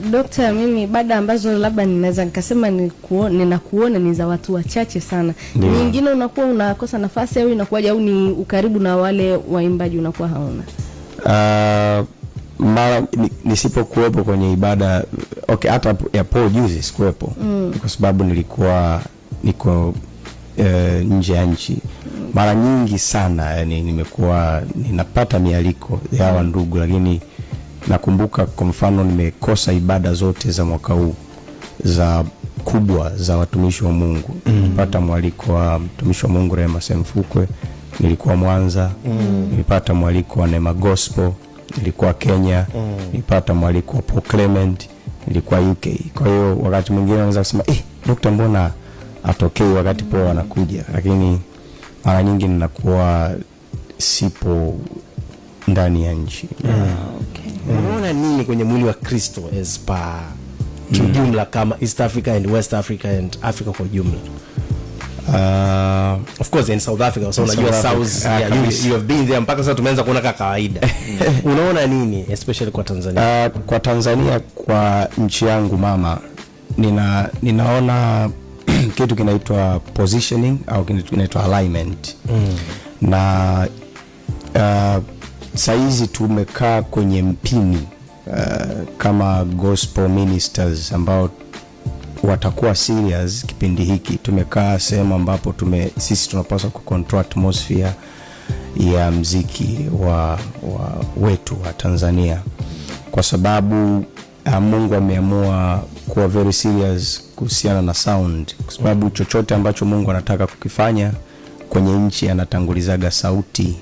Dokta, mimi baada ambazo labda ninaweza nikasema ninakuona ni za watu wachache sana yeah. Nyingine unakuwa unakosa nafasi au inakuwaje, au ni ukaribu na wale waimbaji unakuwa hauna? Uh, mara nisipokuwepo kwenye ibada okay, hata ya Paul juzi sikuwepo mm. kwa sababu nilikuwa niko e, nje ya nchi mara nyingi sana, yani nimekuwa ninapata mialiko ya wa mm. ndugu lakini Nakumbuka kwa mfano nimekosa ibada zote za mwaka huu za kubwa za watumishi wa Mungu mm. mwaliko wa mtumishi wa Mungu Rema Semfukwe, nilikuwa Mwanza mm. Nilipata mwaliko wa Neema Gospel, nilikuwa Kenya mm. mwaliko wa Paul Clement, nilikuwa UK. Kwa hiyo wakati mwingine anaweza kusema eh, dokta, mbona atokei wakati poa mm. anakuja? Lakini mara nyingi ninakuwa sipo ndani ya nchi mm unaona mm. nini kwenye mwili wa kristo aspa pa kiujumla mm. kama east africa and west africa and africa kwa ujumla uh, of course in south africa so unajua south ah, yeah, uh, you, you have been there mpaka sasa tumeanza kuona kama kawaida unaona nini especially kwa tanzania uh, kwa tanzania kwa nchi yangu mama nina ninaona kitu kinaitwa positioning au kinaitwa alignment mm. na uh, Saizi tumekaa kwenye mpini uh, kama gospel ministers ambao watakuwa serious kipindi hiki. Tumekaa sehemu ambapo tume, sisi tunapaswa kucontrol atmosphere ya mziki wa, wa wetu wa Tanzania kwa sababu uh, Mungu ameamua kuwa very serious kuhusiana na sound, kwa sababu chochote ambacho Mungu anataka kukifanya kwenye nchi anatangulizaga sauti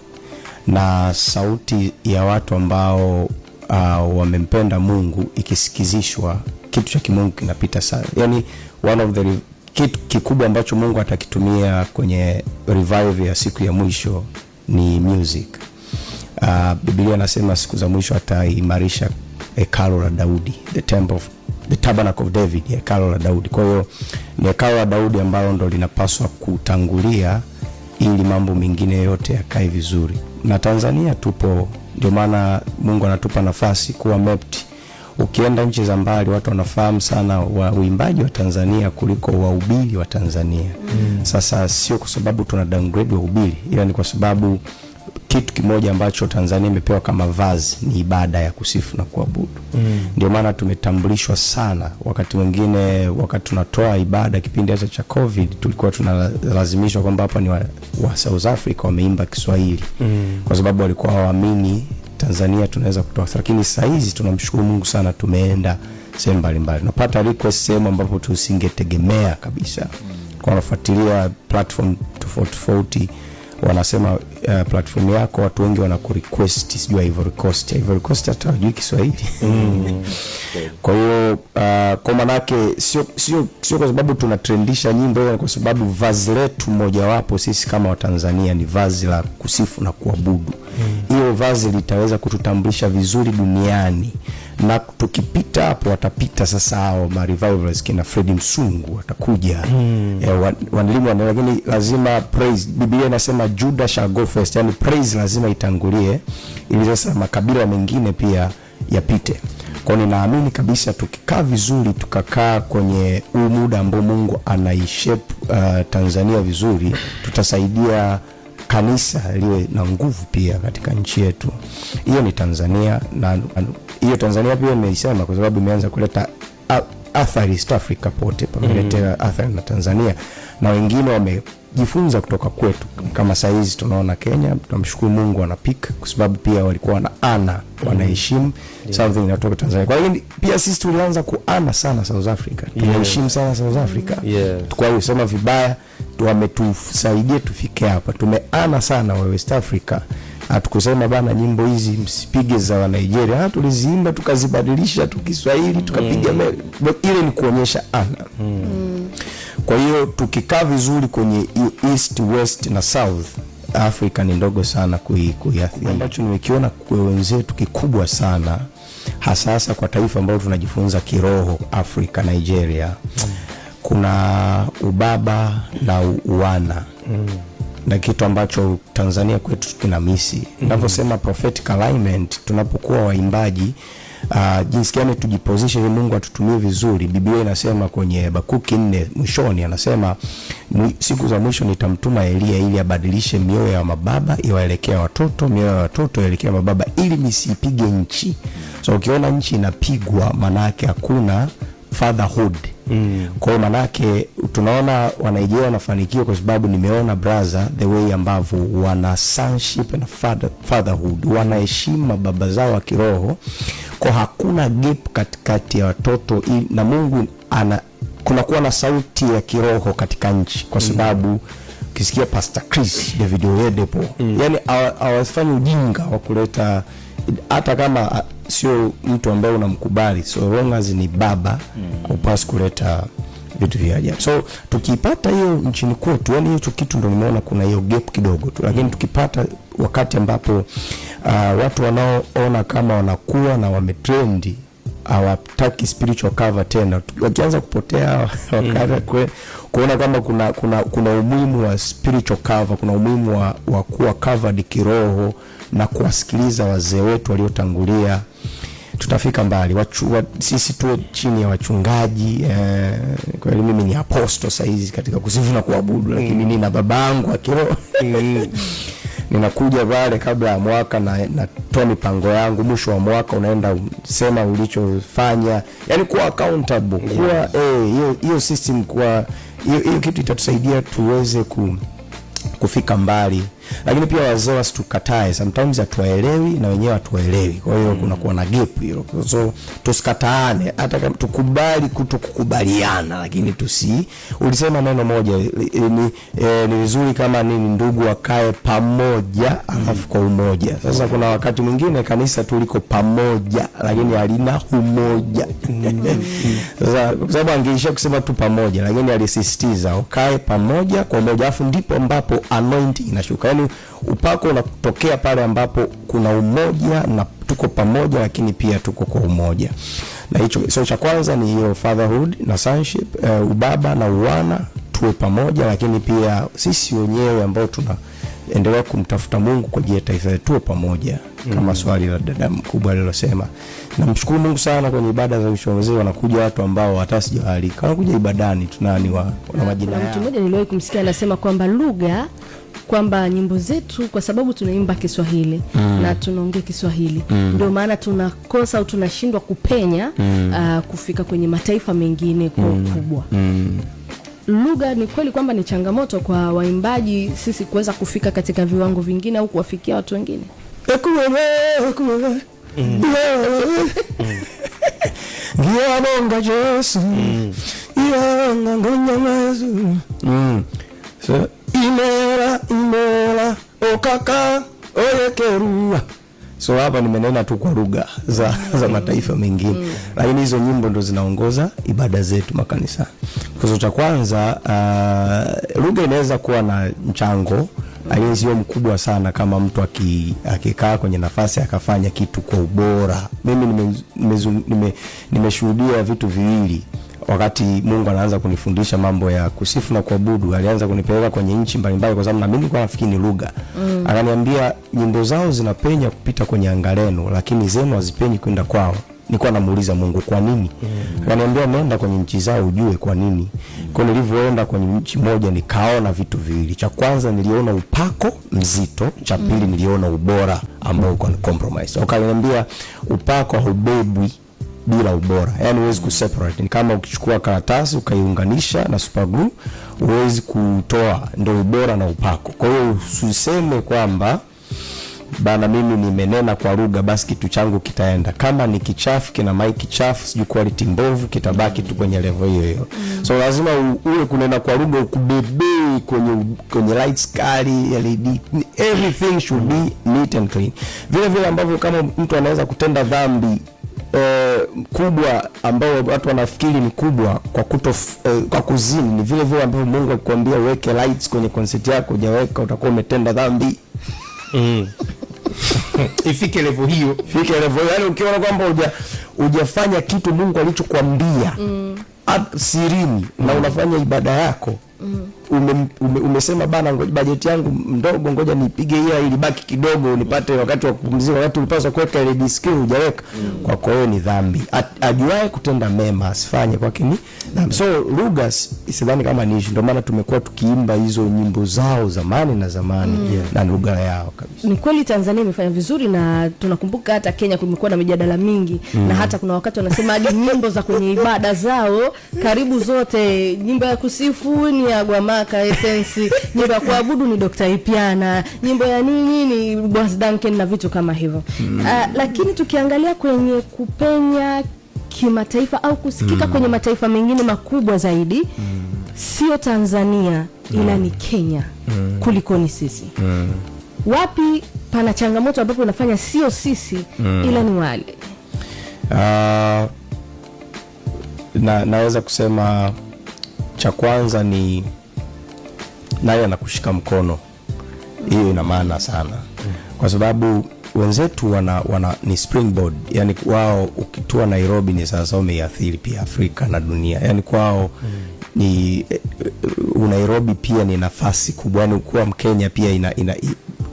na sauti ya watu ambao uh, wamempenda Mungu ikisikizishwa, kitu cha kimungu kinapita sana. Yani one of the kitu kikubwa ambacho Mungu atakitumia kwenye revive ya siku ya mwisho ni music. Uh, Biblia anasema siku za mwisho ataimarisha hekalo la Daudi, the temple of the tabernacle of David, hekalo la Daudi. Kwa hiyo ni hekalo la Daudi ambalo ndo linapaswa kutangulia ili mambo mengine yote yakae vizuri na Tanzania tupo, ndio maana Mungu anatupa nafasi kuwa mapped. Ukienda nchi za mbali watu wanafahamu sana wa uimbaji wa Tanzania kuliko wahubiri wa Tanzania. Mm. Sasa sio kwa sababu tuna downgrade wahubiri, ila ni kwa sababu kitu kimoja ambacho Tanzania imepewa kama vazi ni ibada ya kusifu na kuabudu. Mm. Ndio maana tumetambulishwa sana. Wakati mwingine, wakati tunatoa ibada kipindi hata cha COVID, tulikuwa tunalazimishwa kwamba hapa ni wa, wa South Africa wameimba Kiswahili. Mm. Kwa sababu walikuwa hawaamini Tanzania tunaweza kutoa, lakini sasa hizi tunamshukuru Mungu sana, tumeenda sehemu mbalimbali, Napata request sehemu ambapo tusingetegemea kabisa. Mm. Kwa wanafuatilia platform tofauti tofauti wanasema uh, platform yako watu wengi wanakurequest, sijui Ivory Coast. hata wajui Kiswahili mm. kwa hiyo uh, kwa manake sio sio sio kwa sababu tunatrendisha nyimbo, kwa sababu vazi letu mojawapo sisi kama Watanzania ni vazi la kusifu na kuabudu. Mm. Hiyo mm. vazi litaweza kututambulisha vizuri duniani na tukipita hapo watapita sasa hao ma revivals kina Fred Msungu atakuja mm. eh, wanalimu wan, lakini lazima praise, Biblia inasema Judah shall go first, yani praise lazima itangulie ili sasa makabila mengine pia yapite. Kwa ninaamini kabisa tukikaa vizuri, tukakaa kwenye huu muda ambao Mungu anaishep uh, Tanzania vizuri, tutasaidia kanisa liwe na nguvu pia katika nchi yetu. Hiyo ni Tanzania na hiyo Tanzania pia imeisema kwa sababu imeanza kuleta athari East Africa pote pameletea mm athari na Tanzania na wengine wamejifunza kutoka kwetu, kama hizi tunaona Kenya, tunamshukuru Mungu wanapika kwa sababu pia walikuwa na ana wanaheshimu yeah. Mm-hmm. something inatoka Tanzania. Kwa hiyo pia sisi tulianza kuana sana South Africa, tunaheshimu yeah. sana South Africa yeah. kwa hiyo sema vibaya, wametusaidia tufike hapa, tumeana sana wa West Africa Hatukusema bana, nyimbo hizi msipige za wa Nigeria. Ha, tuliziimba tukazibadilisha tu Kiswahili tukapiga mm. ile ni kuonyesha ana mm. Kwa hiyo tukikaa vizuri kwenye east west na south Africa ni ndogo sana kuiathiri. Ambacho nimekiona kwa wenzetu kikubwa sana hasa hasa kwa taifa ambalo tunajifunza kiroho Afrika, Nigeria mm. kuna ubaba na uwana mm na kitu ambacho Tanzania kwetu kina misi ninavyosema, mm -hmm. prophetic alignment, tunapokuwa waimbaji uh, jinsi gani tujiposition Mungu atutumie vizuri. Biblia inasema kwenye Habakuki nne mwishoni, anasema siku za mwisho nitamtuma Elia ili abadilishe mioyo ya mababa iwaelekea watoto, mioyo ya watoto ielekea mababa, ili misipige nchi. So ukiona nchi inapigwa, maana yake hakuna fatherhood mm. Kwa hiyo manake tunaona wanaijia wanafanikiwa kwa sababu nimeona brother, the way ambavyo wana sonship and father, fatherhood wanaheshima baba zao wa kiroho, kwa hakuna gap katikati ya watoto na Mungu ana kunakuwa na sauti ya kiroho katika nchi kwa mm. sababu mm. Pastor Chris David Oyedepo mm. yani hawafanyi ujinga wa kuleta hata kama sio mtu ambaye unamkubali, so long as ni baba mm. kuleta vitu vya ajabu. So tukipata hiyo nchini kwetu, yani hicho kitu ndo nimeona kuna hiyo gap kidogo tu, lakini hmm. tukipata wakati ambapo uh, watu wanaoona kama wanakuwa na wametrendi hawataki spiritual cover tena, wakianza kupotea wakaanza mm. kuona kwamba kuna, kuna, kuna umuhimu wa spiritual cover, kuna umuhimu wa, wa kuwa covered kiroho na kuwasikiliza wazee wetu waliotangulia, tutafika mbali. Wachu, wa, sisi tuwe chini ya wachungaji eh, kweli mimi ni aposto saizi katika kusifu na kuabudu, lakini mm. nina baba akiroho mm. ninakuja pale kabla ya mwaka na natoa mipango yangu, mwisho wa mwaka unaenda sema ulichofanya, yani kuwa accountable, kuwa eh, hiyo hiyo system, kwa hiyo kitu itatusaidia tuweze ku, kufika mbali lakini pia wazee wasitukatae, sometimes hatuwaelewi na wenyewe hatuwaelewi, kwa hiyo mm. kunakuwa na gap hilo. So tusikataane, hata kama tukubali kutokukubaliana, lakini tusi, ulisema neno moja ni e, ni vizuri kama nini, ndugu wakae pamoja alafu kwa umoja. Sasa kuna wakati mwingine kanisa tuliko pamoja, lakini halina umoja mm. sasa, kwa sababu angeisha kusema tu pamoja, lakini alisisitiza ukae pamoja kwa umoja, alafu ndipo ambapo anointing inashuka yani sababu upako unatokea pale ambapo kuna umoja na tuko pamoja, lakini pia tuko kwa umoja na hicho. So cha kwanza ni hiyo fatherhood na sonship, uh, ubaba na uwana, tuwe pamoja, lakini pia sisi wenyewe ambao tuna endelea kumtafuta Mungu kwa ajili ya taifa letu pamoja mm kama Swali la dada mkubwa alilosema, namshukuru Mungu sana. Kwenye ibada za mwisho wazee wanakuja watu ambao hata sijawaalika, wanakuja ibadani, tunani wa, wana majina Mtu mmoja niliwahi kumsikia anasema kwamba lugha kwamba nyimbo zetu kwa sababu tunaimba Kiswahili mm. na tunaongea Kiswahili mm. ndio mm. maana tunakosa au tunashindwa kupenya mm. uh, kufika kwenye mataifa mengine kwa mm. ukubwa mm. mm. lugha ni kweli kwamba ni changamoto kwa waimbaji sisi kuweza kufika katika viwango vingine au kuwafikia watu wengine mm. ngiyabonga iyanga ngonyamazu imela imela okaka oyekerua So hapa nimenena tu kwa lugha za, za mataifa mengine mm. Lakini hizo nyimbo ndo zinaongoza ibada zetu makanisa kuzo cha kwanza, uh, lugha inaweza kuwa na mchango lakini sio mkubwa sana kama mtu akikaa kwenye nafasi akafanya kitu kwa ubora. Mimi nimeshuhudia nime, nime vitu viwili wakati Mungu anaanza kunifundisha mambo ya kusifu na kuabudu, alianza kunipeleka kwenye nchi mbalimbali, kwa sababu na mimi nafikiri ni lugha mm. Akaniambia nyimbo zao zinapenya kupita kwenye anga lenu, lakini zenu hazipenyi kwenda kwao. Nilikuwa namuuliza Mungu kwa nini? mm. Akaniambia nenda kwenye nchi zao ujue kwa nini. Kwa nilivyoenda kwenye nchi moja nikaona vitu viwili, cha kwanza niliona upako mzito, cha pili mm. niliona ubora ambao uko compromise. Akaniambia upako haubebwi bila ubora, yani huwezi kuseparate. Ni kama ukichukua karatasi ukaiunganisha na super glue, huwezi kutoa ndio ubora na upako. Kwa hiyo usiseme kwamba bana, mimi nimenena kwa lugha basi kitu changu kitaenda. Kama ni kichafu, kina mic chafu, sijui quality mbovu, kitabaki tu kwenye level hiyo hiyo. Mm. So lazima uwe kunena kwa lugha ukubebe kwenye kwenye lights kali, LED, everything should be neat and clean. Vile vile ambavyo kama mtu anaweza kutenda dhambi eh, kubwa ambao watu wanafikiri ni kubwa kwa kuto eh, kwa kuzini ni vile vile ambavyo Mungu akikwambia uweke lights kwenye concert yako, hujaweka utakuwa umetenda dhambi mm. ifike level hiyo, ifike level yani ukiona kwamba uja ujafanya kitu Mungu alichokuambia mm. sirini mm. na unafanya ibada yako mm ume, ume, umesema bana, bajeti yangu mdogo ngoja nipige hiyo ili baki kidogo nipate wakati wa kupumzika, wakati ulipaswa kuweka ile disk hujaweka. Mm. kwa wewe ni dhambi. Ajuae kutenda mema asifanye kwake ni dhambi. So lugha sidhani kama ni ndio maana tumekuwa tukiimba hizo nyimbo zao zamani na zamani. Mm. Yeah. na lugha yao kabisa. Ni kweli Tanzania imefanya vizuri na tunakumbuka hata Kenya kumekuwa na mijadala mingi. Mm. na hata kuna wakati wanasema hadi nyimbo za kwenye ibada zao karibu zote nyimbo ya kusifu ni ya gwama Baraka, esensi nyimbo ya kuabudu ni Dr. Ipiana, nyimbo ya nini ni Boss Duncan na vitu kama hivyo mm. Uh, lakini tukiangalia kwenye kupenya kimataifa au kusikika mm. kwenye mataifa mengine makubwa zaidi mm. sio Tanzania mm. ila ni Kenya mm. kulikoni sisi mm. wapi pana changamoto ambapo inafanya sio sisi mm. ila ni wale uh, na, naweza kusema cha kwanza ni naye anakushika mkono. Hiyo ina maana sana, kwa sababu wenzetu wana, wana ni springboard yani wao, ukitua Nairobi ni sasa umeiathiri pia Afrika na dunia yani kwao ni Nairobi pia ni nafasi kubwa, yani kuwa Mkenya pia ina, ina,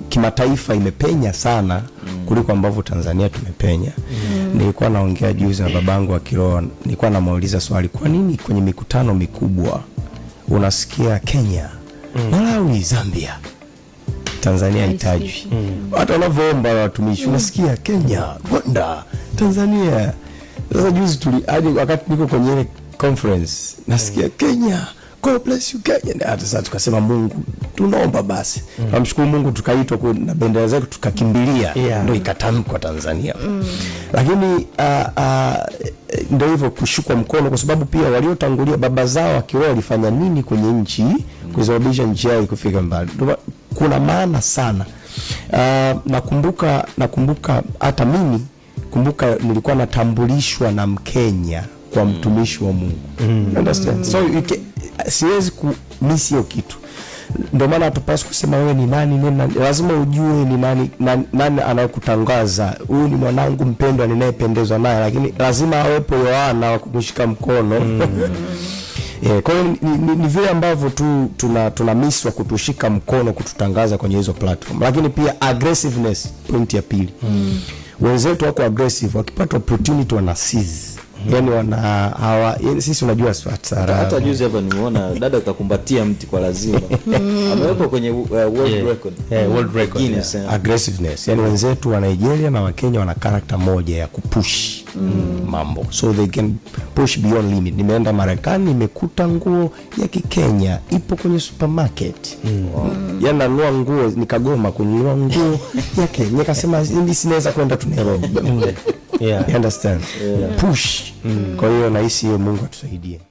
kimataifa imepenya sana kuliko ambavyo Tanzania tumepenya. Mm. Nilikuwa naongea juzi na babangu wa kiroa nilikuwa namuuliza swali, kwa nini kwenye mikutano mikubwa unasikia Kenya mm. Malawi, Zambia, Tanzania haitajwi hata mm. wanavyoomba watumishi mm. unasikia Kenya, Rwanda, Tanzania. Sasa juzi tuli hadi wakati niko kwenye ile conference nasikia mm. Kenya, God bless you Kenya. Hata sasa tukasema Mungu tunaomba basi mm. namshukuru Mungu tukaitwa na bendera zetu tukakimbilia, yeah. ndio ikatamkwa Tanzania mm. lakini uh, uh, ndio hivyo kushukwa mkono, kwa sababu pia waliotangulia baba zao akiwa walifanya nini kwenye nchi kuisababisha nchi yao ikufika mbali. Kuna maana sana. Uh, nakumbuka nakumbuka hata mimi kumbuka nilikuwa natambulishwa na Mkenya kwa mm. mtumishi wa Mungu. Mm. Understand? Mm. So you can, siwezi ku miss hiyo kitu. Ndio maana hatupaswi kusema wewe ni nani, nani. Lazima ujue ni nani, nani, nani anayekutangaza huyu ni mwanangu mpendwa ninayependezwa naye, lakini lazima awepo Yohana wa kumshika mkono mm. E, kwa hiyo ni, ni, ni vile ambavyo tu tuna, tuna miss wa kutushika mkono kututangaza kwenye hizo platform, lakini pia aggressiveness, point ya pili mm. Wenzetu wako aggressive, wakipata opportunity wana seize yani wana hawa yani, sisi unajua hata, hata juzi hapa nimeona dada kakumbatia mti kwa lazima mm. amewekwa kwenye uh, world yeah. record yeah, world record Guinness, yeah. aggressiveness yani yeah. wenzetu wa Nigeria na Wakenya wana character moja ya kupush mm. mambo so they can push beyond limit. Nimeenda Marekani nimekuta nguo ya Kikenya ipo kwenye supermarket mm. wow. Mm. yani nanua nguo nikagoma kununua nguo ya Kenya nikasema, sinaweza kwenda tu Nairobi yeah. You understand? Yeah. Push. Mm. Kwa hiyo nahisi hiyo Mungu atusaidie.